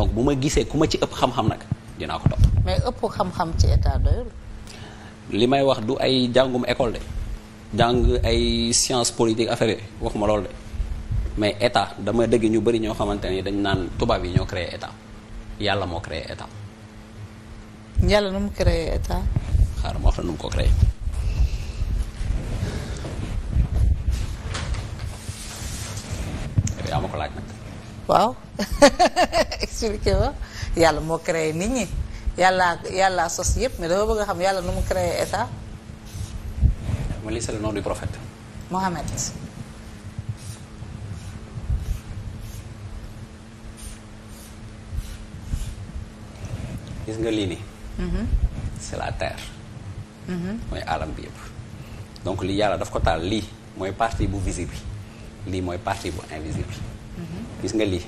donc bu ma gisee ku ma ci ëpp xam-xam nag dinaa ko topp. mais ëpp xam-xam ci état doyul. li may wax du ay jàngum école de jàng ay science politique affaire waxuma loolu de mais état dama dëgg ñu bari ñoo xamante ne dañ naan tubaab yi ñoo créé état yàlla moo créé état. yàlla nu mu créé état. xaaral ma wax la nu mu ko créé. yaa ma ko laaj nag. waaw expliqué yàlla moo créé nit ñi yàlla yàlla sos yëpp mais dafa bëgg a xam yàlla nu mu créé état. ma lii c'est le nom nga lii nii. Mhm. la terre. Mhm. mooy alam bi yëpp. donc li yàlla daf ko taal lii mooy partie bu visible lii mooy partie bu invisible. gis nga lii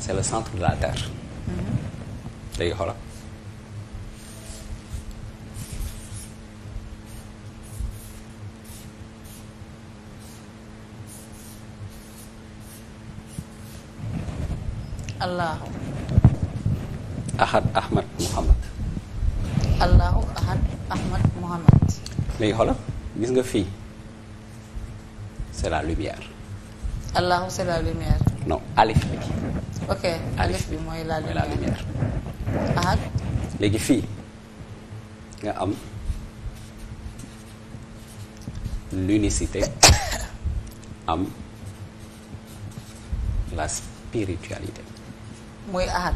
c'est le centre de la terre. léegi xoola allahu. ahad ahmad muhammad. léegi xoola gis nga fii c'est la lumière. Allahu c'est la lumière. non alif bi. ok alif bi mooy la lumière. ah. léegi fii nga am l'unicité am la spiritualité. muy ahad.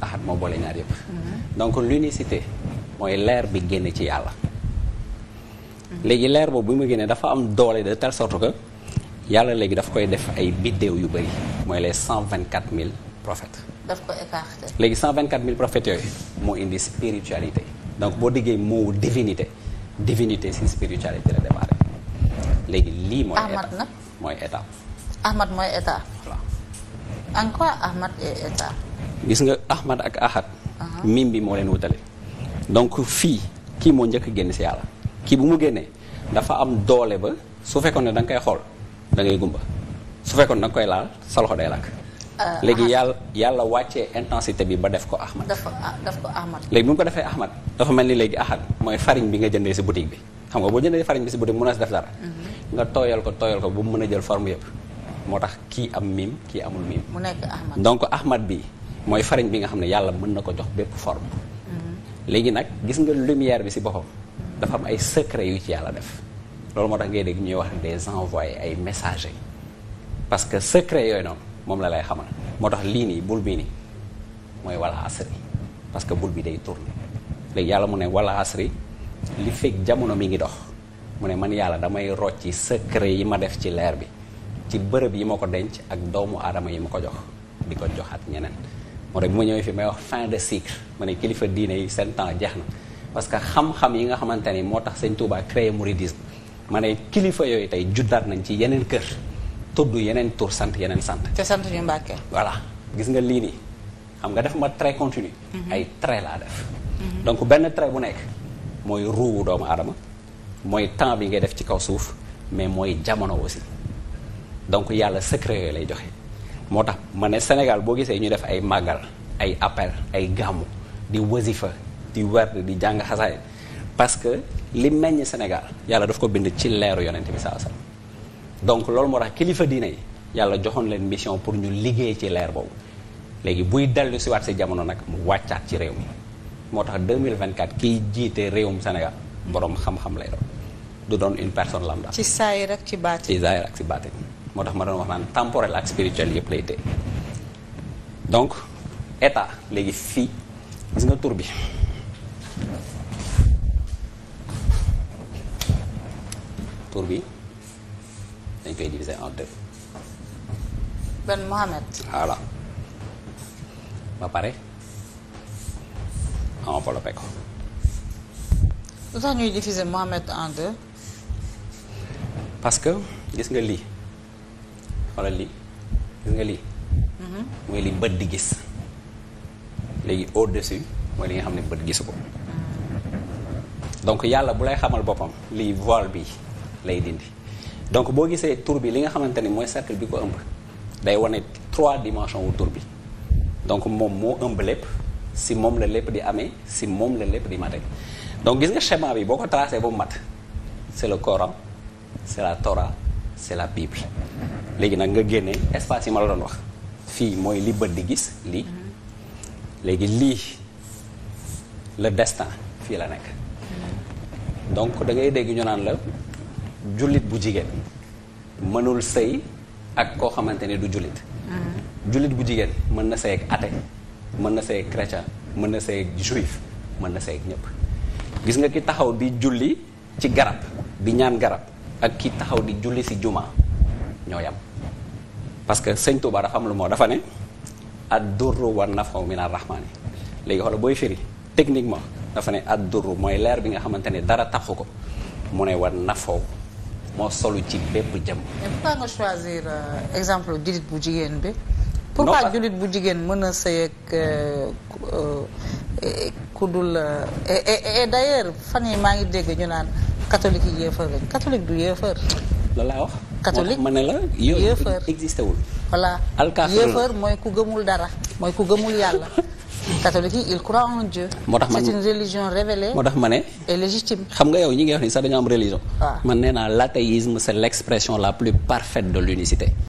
ahad moo boole ñaar yëpp. Mhm. donc l'unicité mooy leer bi génne ci yàlla. Mhm. léegi leer boobu bi mu génne dafa am doole de telle sorte que. yàlla léegi daf koy def ay biddéew yu bëri mooy les cent vingt quatre mille prophètes. daf ko écarté. léegi cent vingt quatre mille prophètes yooyu moo indi spiritualité donc boo diggee moo divinité divinité si spiritualité la démarré léegi lii. mooy état nag mooy état. Ahmad mooy état. voilà gis nga Ahmad ak Ahad. Uh-huh. mim bi moo leen wutale. donc fii kii moo njëkk génn si yàlla kii bu mu génnee dafa am doole ba su fekkoon ne da nga koy xool. da ngay gumba su fekkoon da koy laal sa loxo day lakk. Euh, léegi yàlla yàlla wàccee intensité bi ba def ko Ahmad. def ko ah, def ko Ahmad. léegi bu mu ko defee Ahmad dafa mel ni léegi ahad mooy farine bi nga jëndee si boutique bi xam nga boo jëndee fariñ bi si boutique mënoo si def dara. Mhm. nga tooyal ko tooyal ko bu mu mën a jël forme yëpp. moo tax kii am miim kii amul miim. mu nekk Ahmad donc Ahmad bi mooy farine bi nga xam ne yàlla mën na ko jox bépp forme. Mhm. léegi nag gis nga lumière bi si boppam. dafa am ay secret yu ci yàlla def. loolu moo tax ngay dégg ñuy wax des envoyés ay messagers parce que secret yooyu noonu moom la lay xamal moo tax lii nii bul bii nii mooy wala asri parce que bul bi day tourné léegi yàlla mu ne wala asri li fekk jamono mi ngi dox mu ne man yàlla damay rocci secret yi ma def ci leer bi ci bërëb yi ma ko denc ak doomu aadama yi ma ko jox di ko joxaat ñeneen moo tax bi ma ñëwee fi may wax fin de cycle ma ne kilifa diine yi seen temps jeex na parce que xam-xam yi nga xamante ni moo tax sëñ créé mouridisme ma kilifa yooyu tey juddaat nañ ci yeneen kër tudd yeneen tur sant yeneen sant. te sant ñu Mbàkke. voilà gis nga lii nii xam nga def ma trait continu. Mhm. ay trait laa def. Mhm. donc benn trait bu nekk mooy ruuwu doomu aadama mooy temps bi nga def ci kaw suuf mais mooy jamono aussi donc yàlla secret yooyu lay joxe. moo tax ma ne Sénégal boo gisee ñu def ay màggal ay appel ay gàmmu di wasifa di werd di jàng xasaay parce que li meññ Sénégal yàlla daf ko bind ci leeru yonent bi saa sallam donc loolu moo tax kilifa diine yi yàlla joxoon leen mission pour ñu liggéey ci leer boobu léegi buy dellu si waat si jamono nag mu wàccaat ci réew mi moo tax 2024 kiy jiite réewum Sénégal boroom xam-xam lay doon du doon une personne lambda. ci saa ak rek ci saayir ak ci baatin moo tax ma doon wax naan temporel ak spirituel yëpp lay téye donc état léegi fii gis nga tur bi. tur bi dañ koy diviser en deux. Ben Mohamed. voilà ba pare enveloppé ko. lu tax ñuy diviser Mohamed en deux. parce que gis nga lii walla lii gis nga lii. Mhm. mooy li bët di gis. léegi au-dessus mooy li nga xam ne bët gisu ko. Mhm. donc yàlla bu lay xamal boppam lii voile bi lay dindi donc boo gisee tour bi li nga xamante ni mooy cercle bi ko ëmb day wane trois dimensions wu tour bi donc moom moo ëmb lépp si moom la lépp di amee si moom la lépp di mate donc gis nga schéma bi boo ko tracé ba mu mat c'est le Coran c'est la Torah c'est la pipi léegi nag nga génne espace yi ma la doon wax fii mooy li bët di gis lii léegi lii le destin fii la nekk donc da ngay dégg ñu naan la jullit bu jigéen mënul sëy ak koo xamante ni du jullit jullit bu jigéen mën na sëy ak athée mën na sëy ak chrétien mën na sëy ak juif mën na sëy ak ñëpp gis nga ki taxaw di julli ci garab bi ñaan garab ak ki taxaw di julli si juma ñoo am parce que sëñ Touba dafa am lu moo dafa ne ad durru wa nafaw min arrahmaani léegi xoolal booy firi techniquement dafa ne ad durru mooy leer bi nga xamante ne dara taxu ko mu ne wa nafaw moo solu ci bépp jëm. mais pourquoi nga choisir euh, exemple jullit bu jigéen bi. pour pourquoi jullit bu jigéen mën a sëy ak euh, euh, ku dul et d'ailleurs fan yi maa ngi dégg ñu naan catholique yi yéefar lañ catholique du yéefar. loolu laa wax. catholique mën na la yéefar existé wul. voilà yéefar mooy ku gëmul dara mooy ku gëmul yàlla. catholique yi ils en Dieu. moo tax man c'est une religion ma ne. et xam nga yow ñi ngi wax ni sax dañu religion. man nee naa l'athéisme c'est l'expression la plus parfaite de l'unicité